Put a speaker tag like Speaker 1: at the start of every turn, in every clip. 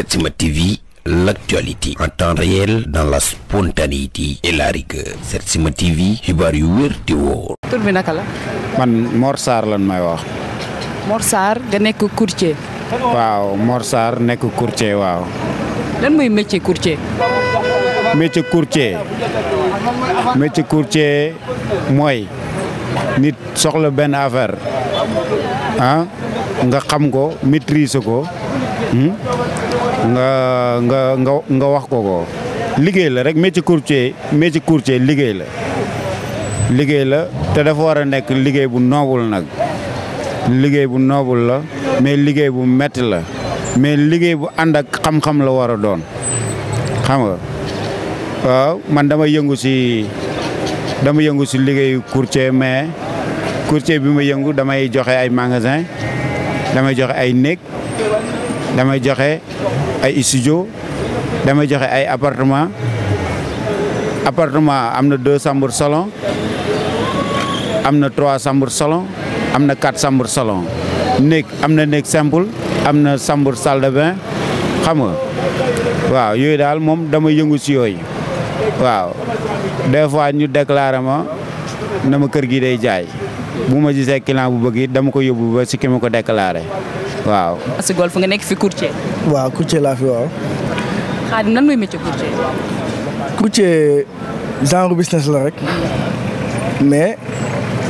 Speaker 1: Setsima TV l'actualité en temps réel dans la spontanéité et la rigueur Setsima TV xibaar yu wér di wóor. tur naka la. man Mor lan may wax.
Speaker 2: Mor Sarr nga nekk courtier.
Speaker 1: waaw Mor Sarr nekk courtier waaw.
Speaker 2: lan mooy métier courtier.
Speaker 1: métier courtier. mooy nit soxla benn affaire ah nga xam ko maîtriser ko. Hmm? nga nga nga nga wax ko ko liggéey la rek métier courtier métier courtier liggéey la liggéey la te dafa war a nekk liggéey bu noobul nag liggéey bu noobul la mais liggéey bu metti la mais liggéey bu ànd ak xam-xam la war a doon xam nga waaw man dama yëngu si dama yëngu si liggéeyu courtier mais courtier bi ma yëngu damay joxe ay magasin damay joxe ay néeg damay joxe ay studio damay joxe ay apartement apartement am na deux chambres salon am na trois chambres salon am na quatre chambres salon néeg am na néeg simple am na chambre salle de xam nga waaw yooyu daal moom damay yëngu si yooyu waaw des fois ñu déclaré ma na ma kër gii day jaay bu ma ji gisee client bu bëgg dama ko yóbbu ba si ki ma ko déclaré waaw. Astou Golf nga nekk fi courtier. waaw courtier
Speaker 3: laa fi waaw.
Speaker 2: Khadim lan mooy métier courtier.
Speaker 3: genre business la rek mais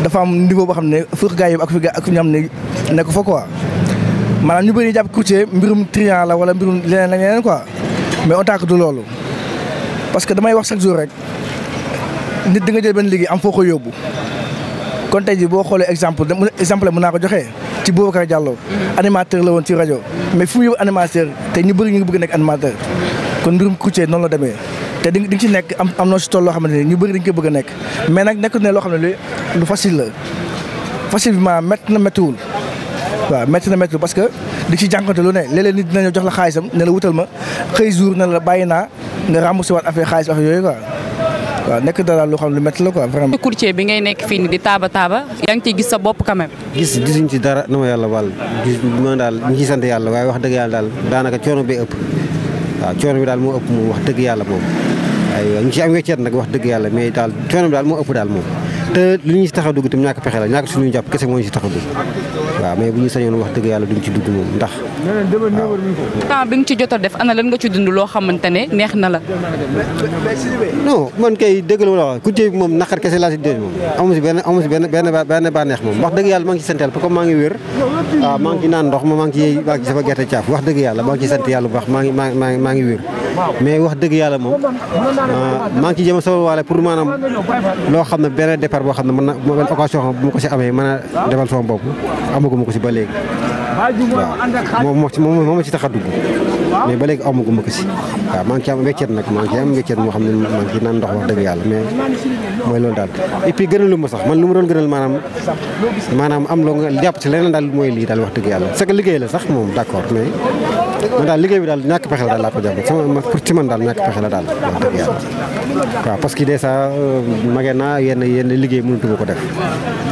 Speaker 3: dafa am niveau boo xam ne foofu gaa yi ak fi gaa ak fi nga xam ne nekk fa quoi ñu bëri jàpp courtier mbirum triant la wala mbirum leneen ak leneen quoi mais on tàkk du loolu parce que damay wax chaque jour rek nit di nga jël benn léegi am foo ko yóbbu kon te ji boo xoolee exemple exemple mu naa ko joxee. ci Boubacar jàlloo animateur la woon si rajo mais fu mu animateur te ñu bëri ñu ngi bëgg nekk animateur kon mbirum coutier noonu la demee te di nga ci nekk am am na si tool loo xamante ne ñu bëri bëgg nekk mais nag nekkul ne loo xam ne lu facile la facilement métti na méttiwul waa métti na méttiwul parce que di ci jànkonte lu ne léeg-léeg nit dinañu jox la xaalisam ne la wutal ma xëy jour ne la bàyyi naa nga remboursé a affaire xaalis affaire yooyu quoi waaw nekk dara lu xam lu métti la quoi vraiment.
Speaker 2: courtier bi ngay nekk fii nii di taaba taaba. yaa ngi ciy gis sa bopp quand même.
Speaker 4: gis gisuñ ci dara na ma yàlla wàll gis man daal ñu ngi sant yàlla waaye wax dëgg yàlla daal daanaka coono bi ëpp waaw coono bi daal moo ëpp moom wax dëgg yàlla moom. aywa ñu ci am wecceet nag wax dëgg yàlla mais daal coono bi daal moo ëpp daal moom te li ñu si tax a dugg itam ñàkk pexe la ñàkk suñu jàpp kese moo ñu si tax a dugg waaw mais bu ñu sañoon wax dëgg yàlla duñ ci dugg moom ndax.
Speaker 2: waaw temps bi nga ci jot a def ana lan nga ci dund loo xamante ne neex na la.
Speaker 4: non man kay dëgg la wax ku jéeg moom naqar kese laa si dégg moom amu benn amu si moom wax dëgg yàlla maa ngi ci santal parce que maa ngi wér ah, maa ngi ci naan ndox ma maa ngi ci yéey maa ngi ci sama gerte caaf wax dëgg yàlla maa ngi ci sant yàlla baax ngi maa ngi maa ngi wér mais wax dëgg yàlla moom ah, maa ngi ci jëm sama waale pour maanaam loo xam ne benn départ boo xam ne mën na benn occasion bu ma ko si amee mën a defal sama bopp ko si ba léegi waaw moom moom moo ma si tax a dugg mais ba léegi amaguma si waaw maa ngi ci am wéccet moo xam ne maa ngi ci naan ndox wax dëgg yàlla mais mooy loolu daal et puis gënalu ma sax man lu ma doon gënal maanaam maanaam am loo nga jàpp ci leneen daal mooy lii daal wax dëgg yàlla c'est liggéey la sax moom d'accord mais man daal liggéey bi daal ñàkk pexe la daal laa ko jàpp sama pour ci man daal ñàkk pexe la daal wax dëgg yàlla waaw parce euh, magee naa yenn yenn liggéey mënatu ma ko def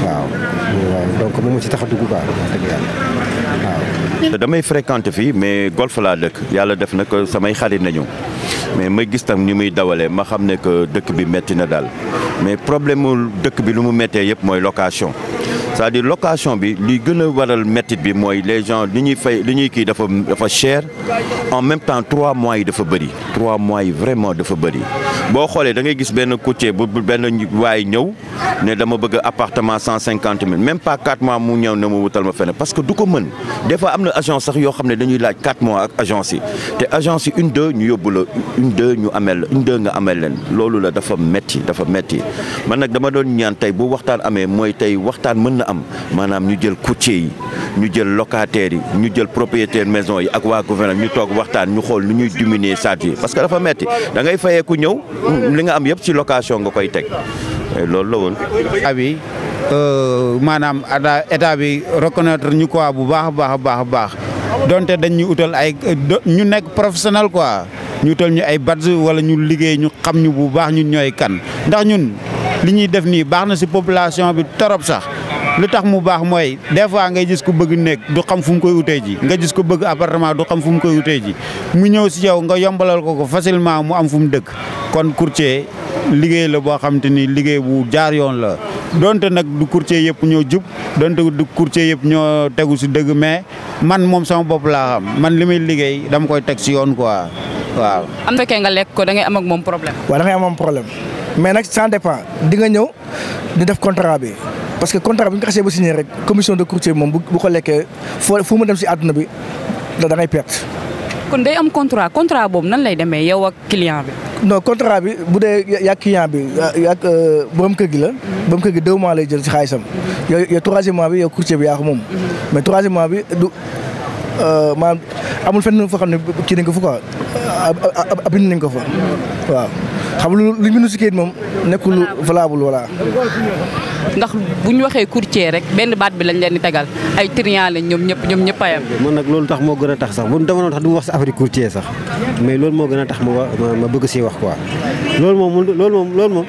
Speaker 4: waaw donc moom ci tax a dugg quoi wax
Speaker 5: dëgg damay fréquente fii mais golf laa dëkk yàlla def na ko samay xarit nañu mais ma gis tam ni muy dawalee ma xam ne que dëkk bi métti na daal mais problème mu dëkk bi lu mu méttee yëpp mooy location. c'est-à-dire location bi luy gën a waral méttit bi mooy les gens li ñuy fay lu ñuy kii dafa dafa cher en même temps trois mois yi dafa bëri trois mois yi vraiment dafa bëri boo xoolee da ngay gis benn courtier bu benn waay ñëw ne dama bëgg appartement cent cinquante mille même pas quatre mu ñëw ne mu wutal ma feneen parce que du ko mën des fois am na agence sax yoo xam ne dañuy laaj quatre mois ak agence yi te agence yi une ñu yóbbu la une ñu amee la une nga amel leen loolu la dafa metti dafa metti man nag dama doon ñaan tey am maanaam ñu jël courtier yi ñu jël locataires yi ñu jël propriétaire maison yi ak waa gouvernement ñu toog waxtaan ñu xool nu ñuy diminuer charge yi parce que dafa metti da ngay fayee ku ñëw li nga am yëpp ci location nga koy teg eh, loolu la woon. abi euh, maanaam état bi
Speaker 1: reconnaître ñu quoi bu baax baax baax baax donte dañ ñu utal ay ñu nekk professionnel quoi ñu utal ñu ay badge wala ñu liggéey ñu xam ñu bu baax ñun ñooy kan ndax ñun li ñuy def nii baax na si population bi torop sax. lu tax mu baax mooy des fois ngay gis ko bëgg néeg du xam fu mu koy utee ji nga gis ko bëgg appartement du xam fu mu koy utee ji mu ñëw si yow nga yombalal ko ko facilement mu am fu mu dëkk kon courtier liggéey la boo xam te ni liggéey bu jaar yoon la donte nag du courtier yëpp ñoo jub donte du courtier yëpp ñoo tegu si dëgg mais man moom sama bopp laa xam man li may liggéey dama koy teg si yoon quoi waaw.
Speaker 2: am na fekkee nga lekk ko da ngay am ak moom problème.
Speaker 3: waa da moom problème mais nag ça dépend di nga ñëw di def contrat bi. parce que contrat bi ñu ko xasee ba signé rek commission de courtier bi moom bu ko fu mu dem si àdduna bi da ngay perte.
Speaker 2: kon day am contrat contrat boobu nan lay demee yow ak client bi.
Speaker 3: non contrat bi bu dee yaa client bi yaa borom kër gi la. borom kër gi deux mois lay jël si xaalisam. yow yow troisième mois bi yow courtier bi yaa ko moom. mais troisième mois bi du maanaam amul fenn foo xam ne kii nañ ko fa quoi bind nañ ko xam lu lu nu si kayit moom nekkul valable voilà.
Speaker 2: ndax bu ñu waxee courtier rek benn baat bi lañ leen di tegal ay triant lañ ñoom ñëpp ñoom ñëpp a yem.
Speaker 4: man nag loolu tax moo gën a tax sax bu demoon tax du ma wax si affaire courtier sax mais loolu moo gën a tax ma ma bëgg si wax quoi loolu moom loolu moom loolu moom.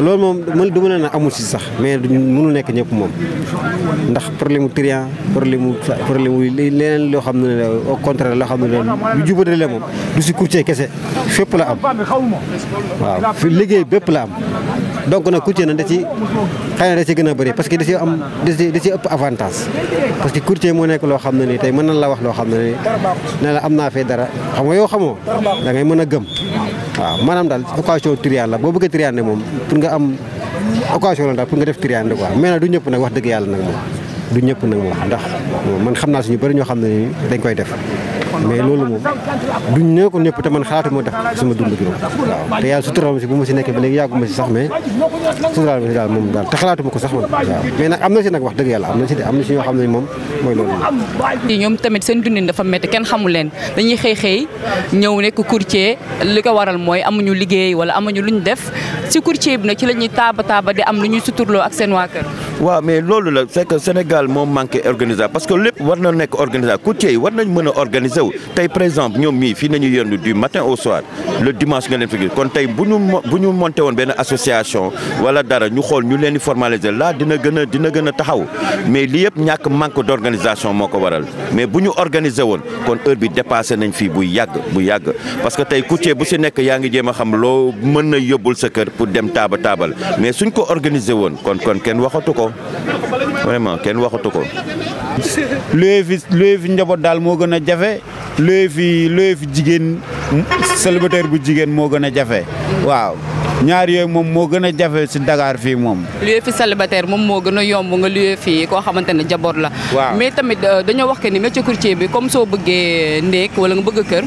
Speaker 4: loolu moom man du ne a amul si sax mais mënul nekk ñëpp moom ndax problème mu trian problème mu problème mu leneen loo xam ne au contraire loo xam ne lu jubadale la moom du si courtier kese fépp la am waaw fi liggéey bépp la am donc nag courtier na da ci xëy na da ci gën a bëri parce que da ci am da ci ci ëpp avantage parce que courtier moo nekk loo xam ne nii tey mën na la wax loo xam ne nii ne la am naa fee dara xam nga yow xamoo da ngay mën a gëm waaw maanaam daal occasion triande la boo bëggee triande moom pour nga am occasion la daal pour nga def triande quoi mais nag du ñëpp nag wax dëgg yàlla nag moom du ñëpp nag moom ndax man xam naa si ñu bëri ñoo xam ne nii dañ koy def mais loolu moom duñ ne ko ñëpp te man dund bi nag
Speaker 2: la ñuy taaba taaba di am lu ñuy suturloo ak seen waa kër
Speaker 5: waaw mais loolu la c'est que Sénégal moom manqué organisation parce que lépp war na nekk organisation courtier yi war nañ mën a organiser tey par exemple ñoom mii fii nañu yendu du matin au soir le dimanche nga leen fi gis kon tey bu ñu bu ñu monté woon benn association wala dara ñu xool ñu leen di formaliser là dina gën a dina gën a taxaw mais li yëpp ñàkk manque d'organisation moo ko waral mais bu ñu organiser woon kon heure bi dépassé nañ fii bu yàgg bu yàgg parce que tey coutier bu si nekk yaa ngi jéem a xam loo mën na yóbbul sa kër pour dem taaba taabal mais suñ ko organiser woon kon kon kenn waxatu ko vraiment kenn waxatu ko
Speaker 1: luy fi luy fi njaboot daal moo gën a jafe luy fi luy fi jigéen célibataire bu jigéen moo gën a jafe waaw ñaar yooyu moom moo gën a jafe si Dakar fii moom.
Speaker 2: luy fi célibataire moom moo gën a yomb nga luy fii koo xamante ne jaboot la. waaw mais tamit euh, dañoo wax que ni métier courtier bi comme soo bëggee ndéek wala nga bëgg kër.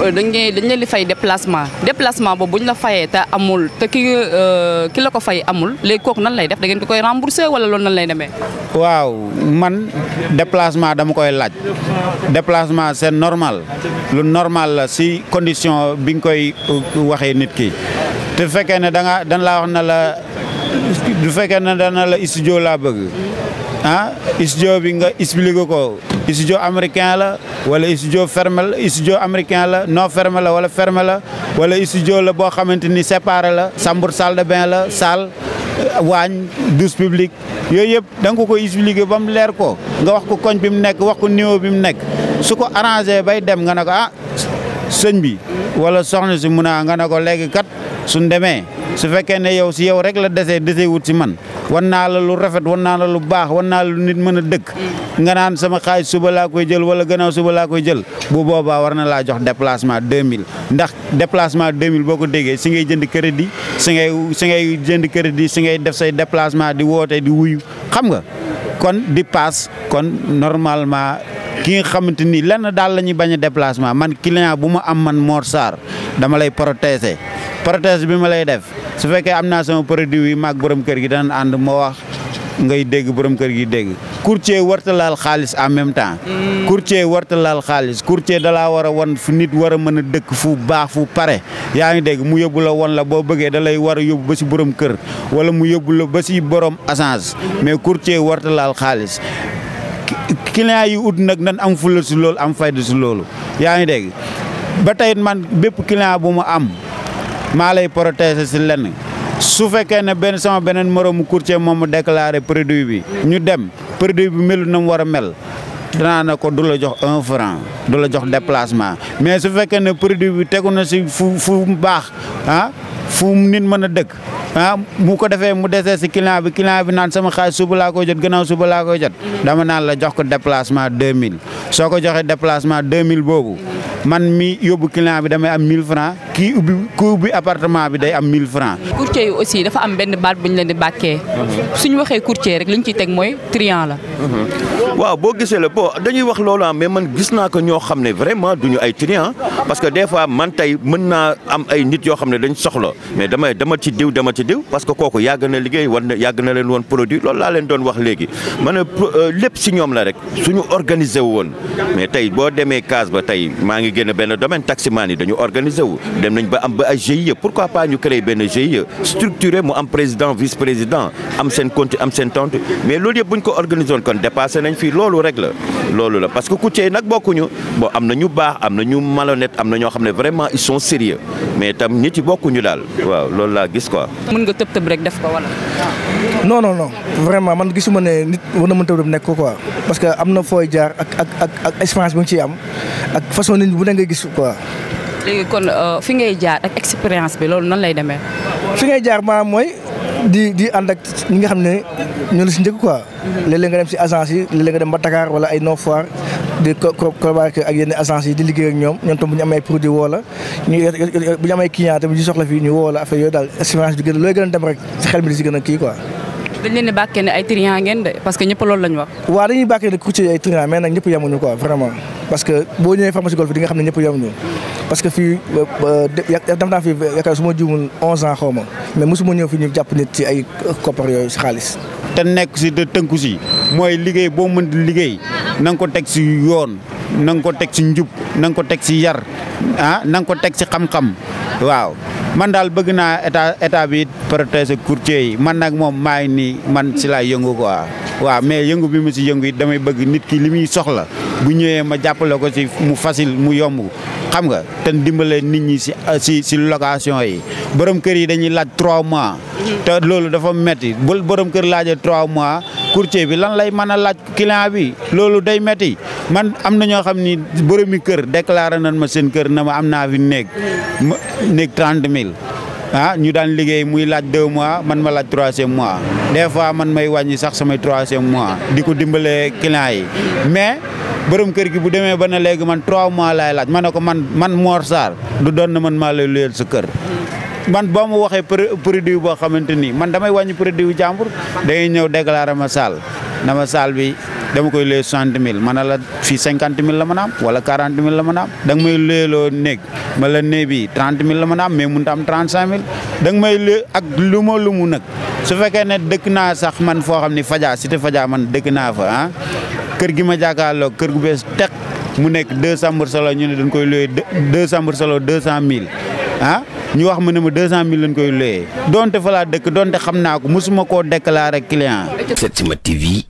Speaker 2: Euh, dañ dañ leen di fay déplacement déplacement boobu bu ñu la fayee te amul te ki euh, ki la ko fay amul léegi kook nan lay def da ngeen ko koy remboursé wala loolu nan lay demee.
Speaker 1: waaw man déplacement dama koy laaj déplacement c'est normal lu normal la si condition bi nga koy euh, waxee nit ki te fekkee ne da nga dañ laa wax na la. du fekkee ne dana la studio laa bëgg ah studio bi nga expliqué ko studio américain la wala studio fermé la studio américain la non fermé la wala fermé la wala studio la boo xamante ni séparé la chambre salle de bain la salle euh, waañ douche publique yooyu yëpp da nga ko koy ba mu leer ko nga wax ko koñ bi mu nekk wax ko niveau bi mu nekk su ko arrangé bay dem nga ne ko ah sëñ bi wala soxna si mun nga ne ko léegi kat suñ demee su fekkee ne yow si yow rek la desee desee wut si man wan naa la lu rafet wan naa la lu baax wan naa la lu nit mën a dëkk nga naan sama xaalis suba laa koy jël wala gannaaw suba laa koy jël bu boobaa war na laa jox déplacement 2000 ndax déplacement 2000 boo ko déggee si ngay jënd crédit si ngay si ngay jënd crédit si ngay def say déplacement di wootee di wuyu xam nga kon di paas kon normalement ki nga xamante ni lenn daal la ñuy bañ a déplacement man client bu ma am man Mor Sarr dama lay protéger protéger bi ma lay def su fekkee am naa sama produit yi maag borom kër gi danañ ànd moo wax ngay dégg borom kër gi dégg courtier warta laal xaalis en même temps hmm. courtier warta laal xaalis courtier dalaa war a wan fu nit war a mën a dëkk fu baax fu pare yaa ngi dégg mu yóbbu la wan la boo bëggee da lay war a yóbbu ba si borom kër wala mu yóbbu la ba si borom agence hmm. mais courtier warta laal xaalis client yi ut nag nan am fulla si loolu am fayda si loolu yaa ngi dégg ba tey man bépp client bu mu am maa lay protéger si len su fekkee ne benn sama beneen moroomu courtier moom mu déclaré produit bi ñu dem produit bi melu na war a mel danaa na ko du la jox un franc du la jox déplacement mais su fekkee ne produit bi tegu si fu fu baax ah fu mu nit mën a dëkk ah mu ko defee mu desee si client bi client bi naan sama xaalis suba laa koy jot gannaaw suba laa koy jot dama naan la jox ko déplacement 2000 soo ko joxee déplacement 2000 boobu man mi yóbbu client bi damay am 1000 francs kii ubbi ku ubbi bi day am 1000 francs.
Speaker 2: courtier yi aussi dafa am benn baat bu ñu leen di bàkkee. suñu waxee courtier rek li ñu ciy teg mooy triant la.
Speaker 5: waaw boo gisee la bon dañuy wax loolu ah mais man gis naa ko ñoo xam ne vraiment duñu ay triant parce que des fois man tey mën naa am ay nit yoo xam ne dañ soxla. mais dama dama ci diw dama ci diw parce que kooku yàgg na liggéey war na yàgg na leen woon produit loolu laa leen doon wax léegi ma ne euh, lépp si ñoom la rek suñu organiser wu woon mais tey boo demee case ba tey maa ngi génn benn domaine taximaan yi dañu organiser wu dem nañ ba am ba ay GIE pourquoi pas ñu créer benn GIE structuré mu am président vice président am seen compte am seen tontu mais loolu yëpp buñ ko organiser woon kon dépassé nañ fi loolu rek la loolu la parce que ku nag bokkuñu bon am na ñu baax am na ñu malhonnête am na ñoo xam ne vraiment ils sont mais tam nit yi bokkuñu daal waaw loolu laa gis quoi. mën nga
Speaker 2: tëb tëb rek def ko
Speaker 3: wala. non non non vraiment man gisuma ne nit war na mën tëb tëb nekk ko quoi parce que am na fooy jaar ak ak ak expérience bi ciy am ak façon nit bu ne nga gis quoi.
Speaker 2: kon euh, fi ngay jaar ak expérience bi loolu nan lay demee.
Speaker 3: fi ngay jaar maa mooy di di ànd ak ñi nga xam ne ñoo la si njëkk quoi. léeg-léeg nga dem si agence yi léeg nga dem ba Dakar wala ay Nord Foire di collaborer ak yenn agence yi di liggéey ñoom ñoom tam bu ñu amee produit woo la ñu bu ñu amee client tamit ñu soxla fii ñu woo la yooyu daal expérience bi gën a looy gën a dem rek sa xel mi di si gën a kii quoi
Speaker 2: dañ leen di bàkkee ne ay triant ngeen de parce que ñëpp loolu la ñu wax.
Speaker 3: waaw dañuy bàkkee ne ku ay triant mais nag ñëpp yemuñu quoi vraiment parce que boo ñëwee pharmacie golf di nga xam ne ñëpp yemuñu parce que fii euh, euh, def naa fi yaakaar su ma juumul 11 ans xaw ma mais mosuma ñëw fi ñu jàpp nit ci ay koppar yooyu si xaalis. te nekk si te tënku si mooy liggéey boo
Speaker 1: mën di liggéey na nga ko teg si yoon na nga ko teg si njub na nga ko teg si yar ah na nga ko teg si xam-xam waaw. man daal bëgg naa état état bi protéger courtier yi man nag moom maa ngi nii man si laay yëngu quoi waaw mais yëngu bi mu si yëngu it damay bëgg nit ki li muy soxla bu ñëwee ma jàppale ko si mu facile mu yomb xam nga te dimbale nit ñi si ah, si si location yi borom kër yi dañuy laaj trois mois. Mhm. te loolu dafa metti bu borom kër laajee trois mois courtier bi lan lay mën a laaj client bi loolu day metti man am na ñoo xam ni boromi kër déclaré nañ ma seen kër na ma am naa fi néeg. Mhm. ma néeg 30 000. ah ñu daan liggéey muy laaj deux mois man ma laaj troisième mois des fois man may wàññi sax samay troisième mois di ko dimbalee clients yi mais borom kër gi bu demee ba ne léegi man trois mois lay laaj ma ne ko man man Mor Sarr du doon na man maa lay sa kër man boo mu waxee produit boo xamante ni man damay wàññi produit wu jàmbur dangay ñëw déclaré ma saal na ma saal bi dama koy loué soixante mille ma ne la fii cinquante mille la mën a wala quarante mille la mën a am nga may loué loo néeg ma la néeg bi trente mille la mën a am mais mënut a am trente cinq da nga may loué ak lu ma lu mu nag su fekkee ne dëkk naa sax man foo xam ni fajaa si cité Fadia man dëkk naa fa ah kër gi ma jàkkaarloo kër gu bees teg mu nekk deux chambres solo ñu ne dañ koy loué deux chambres solo deux cent mille ah ñu wax ma ne ma deux cent mille lañ koy loué donte fa dëkk donte xam naa ko mosuma koo déclaré client.
Speaker 5: Setsima TV.